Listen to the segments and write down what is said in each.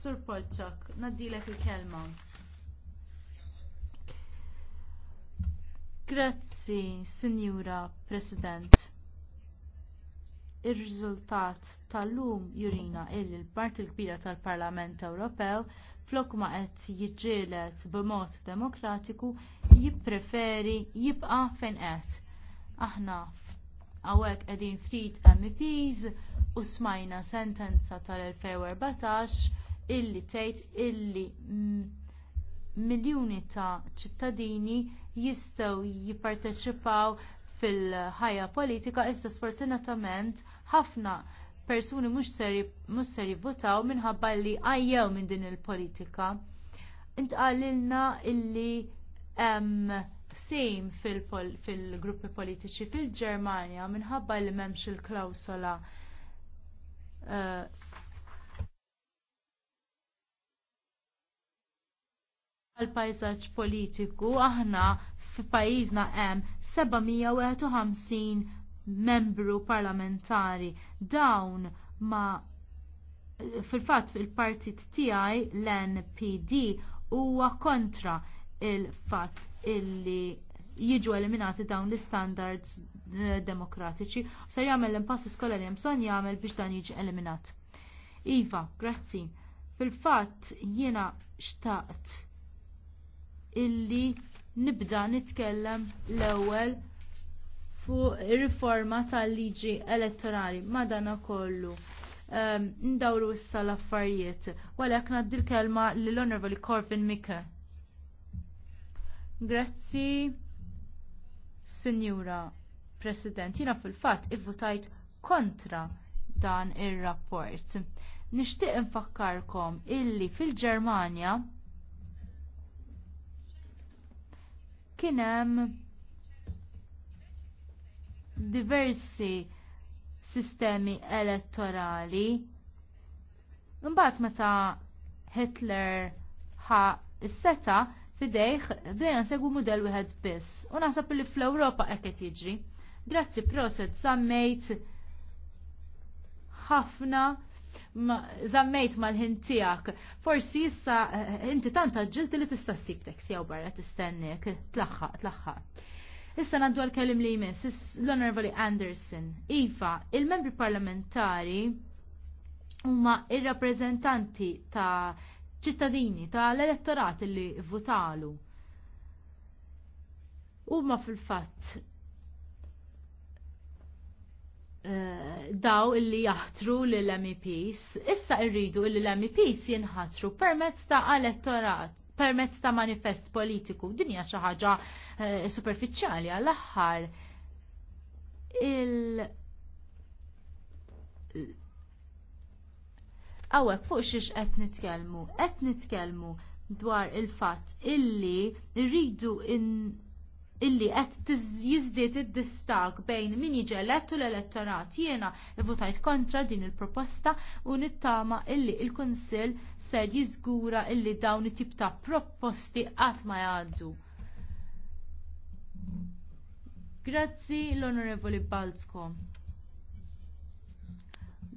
Sur Polczak, naddilek il-kelma. Grazzi, Sinjura President. Ir-riżultat tal-lum jurina li l-parti l-kbira tal-Parlament Ewropew flok ma qed jiġġieled b'mod demokratiku jippreferi jibqa' fejn qed. Aħna hawnhekk qegħdin ftit MPs u smajna sentenza tal-2014 illi tgħid illi miljuni ta' ċittadini jistgħu jipparteċipaw fil-ħajja politika iżda sfortunatament ħafna persuni mhux se jivvotaw minħabba li għajjew minn din il-politika. Intqalilna illi hemm sejm fil-gruppi politiċi fil-Ġermanja minħabba li m'hemmx il-klawsola eh, għal pajsaġġ politiku aħna f'pajjiżna hemm 751 membru parlamentari. Dawn ma fil-fatt fil-partit tiegħi l-NPD huwa kontra il-fatt illi jiġu eliminati dawn l-standards eh, demokratiċi u ser jagħmel l-impass iskola li hemm bżonn jagħmel biex dan jiġi eliminat. Iva, grazzi. Fil-fatt jiena xtaqt illi nibda nitkellem l-ewwel fuq ir-riforma tal-liġi elettorali madanakollu. Um, ndawru issa l-affarijiet. Walek ngħaddi l-kelma l-Honorable Corvin Mika. Grazzi, Signora President. Jina fil-fat ivvutajt kontra dan ir-rapport. Nixtieq infakkarkom illi fil-Ġermanja kien hemm diversi sistemi elettorali. Imbagħad meta Hitler ħa s-seta fidejh bdejna segwu mudell wieħed biss. U naħseb li fl-Ewropa hekk qed jiġri. Grazzi proset sammejt ħafna zammejt mal-ħin tijak. Forsi issa eh, eh, inti tanta ġilti li tista' s teksi jew barra t-istennik, Tlaħħa, tlaħħaq. Issa naddu għal kellim li jmiss, l-Honorable Anderson. Iva, il-membri parlamentari huma il rappreżentanti ta' ċittadini, ta' l-elettorat li votalu. Huma fil-fatt Eh, daw illi jaħtru l-MEPs, issa irridu illi l-MEPs jinħatru permezz ta' elettorat, permezz ta' manifest politiku, dinja xi ħaġa eh, superfiċjali għall-aħħar. Il Għawek fuq xiex qed nitkellmu, qed nitkellmu dwar il-fatt illi rridu in illi qed jiżdied id-distak bejn min jiġi elettu u l-elettorat. Jiena votajt kontra din il-proposta u nittama illi il-Kunsill ser jiżgura illi dawn it-tip ta' proposti qatt ma jgħaddu. Grazzi l-Onorevoli Balzko.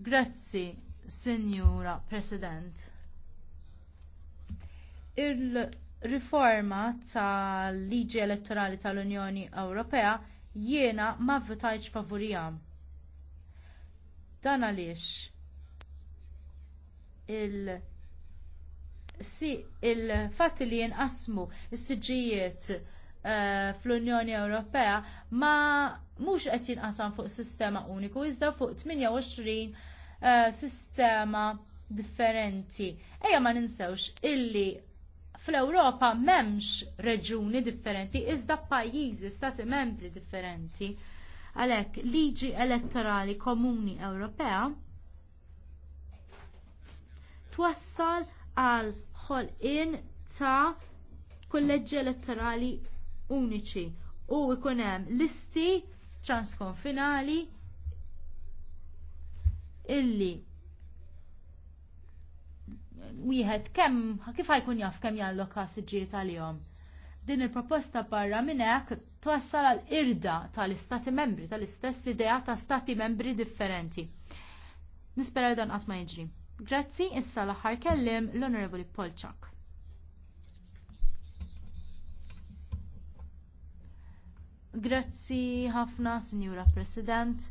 Grazzi, Signora President. Il riforma tal-liġi elettorali tal-Unjoni Ewropea jiena ma vvutajtx favorijam. Dan għaliex il- si il-fatt li jinqasmu s-siġijiet uh, fl-Unjoni Ewropea ma mhux qed jinqasam fuq sistema uniku iżda fuq 28 uh, eh, sistema differenti. Ejja ma ninsewx illi fl-Ewropa m'hemmx reġuni differenti, iżda pajjiżi, stati membri differenti. Għalhekk liġi elettorali komuni Ewropea twassal għal ħolqien ta' kolleġi elettorali uniċi u jkun hemm listi transkonfinali illi wieħed kemm kif ħajkun jaf kemm jalloka siġġiet għalihom. Din il-proposta barra minn hekk twassal għal irda tal-istati membri, tal-istess idea ta' stati membri differenti. Nispera dan qatt ma jiġri. Grazzi, issa l-aħħar kellim l-Onorevoli Polchak. Grazzi ħafna, Sinjura President.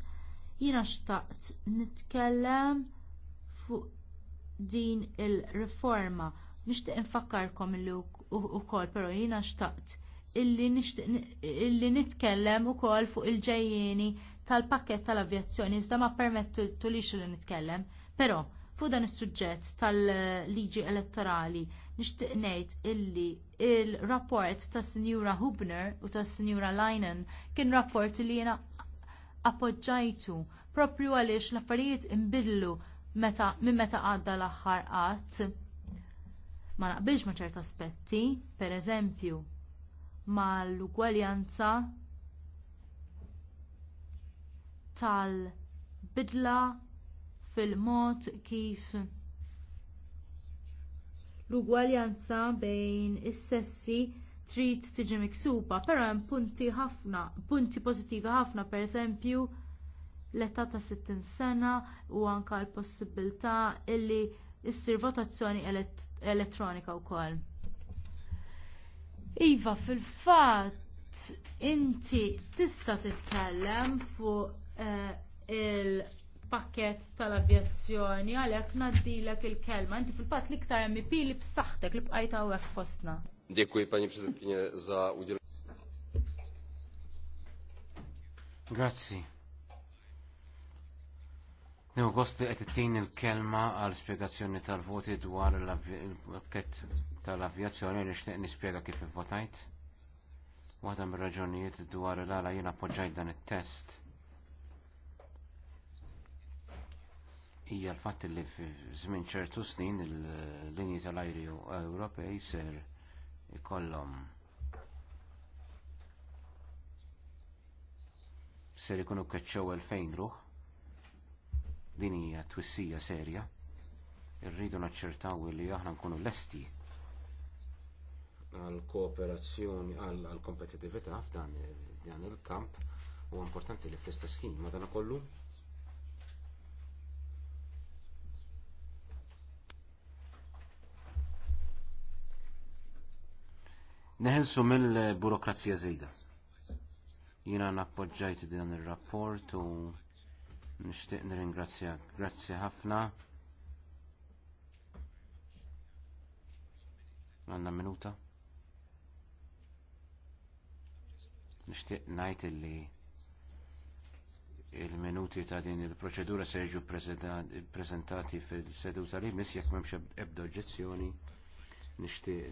Jina xtaqt nitkellem fuq din il-riforma. Nixtieq infakkarkom illi wkoll però jiena xtaqt illi nitkellem ukoll fuq il-ġejjieni tal-pakket tal-avjazzjoni iżda ma permettulix li nitkellem. Però fuq dan is-suġġett tal-liġi elettorali nixtieq ngħid illi il-rapport tas Sinjura Hubner u tas Sinjura Leinen kien rapport li jiena appoġġajtu propju għalix l-affarijiet imbidlu meta, minn meta għadda l-aħħar qatt ma naqbilx ma ċert aspetti, per eżempju, ma l-ugwaljanza tal-bidla fil-mod kif l-ugwaljanza bejn is-sessi trid tiġi miksuba, però hemm punti ħafna, punti pożittivi ħafna, pereżempju l-età ta' 60 sena u anke l-possibilità illi ssir votazzjoni elettronika wkoll. Iva, fil-fatt inti tista' titkellem fuq eh, il- pakket tal-avjazzjoni għalhekk ngħaddilek il-kelma. Inti fil-fatt l-iktar MP li b'saħħtek li bqajt hawnhekk fostna. Dziękuję pani przewodniczący za udzielenie. Grazzi. Newgost gost li għetittin il-kelma għal spiegazzjoni tal-voti dwar il-pakket tal-avjazzjoni li xteq nispiega kif votajt. Waħda mir raġunijiet dwar l-għala jien appoġġajt dan it-test. Hija l-fatt li żmien ċertu snin il-linji tal-ajri Ewropej ser ikollhom ser ikunu il-fejn ruħ Din hija twissija serja. Irridu naċċertaw li aħna nkunu lesti għal kooperazzjoni għal kompetitività f'dan dan il-kamp u importanti li fl-istess ħin madana kollu Neħelsu mill-burokrazija zejda. Jiena nappoġġajt dan ir rapport u nixtieq nirringrazzjak. Grazzi ħafna. Għanna minuta. Nixtieq ngħid illi il-minuti ta' din il-proċedura se jiġu prezentati fil-seduta li mis jekk m'hemmx ebda oġġezzjoni nixtieq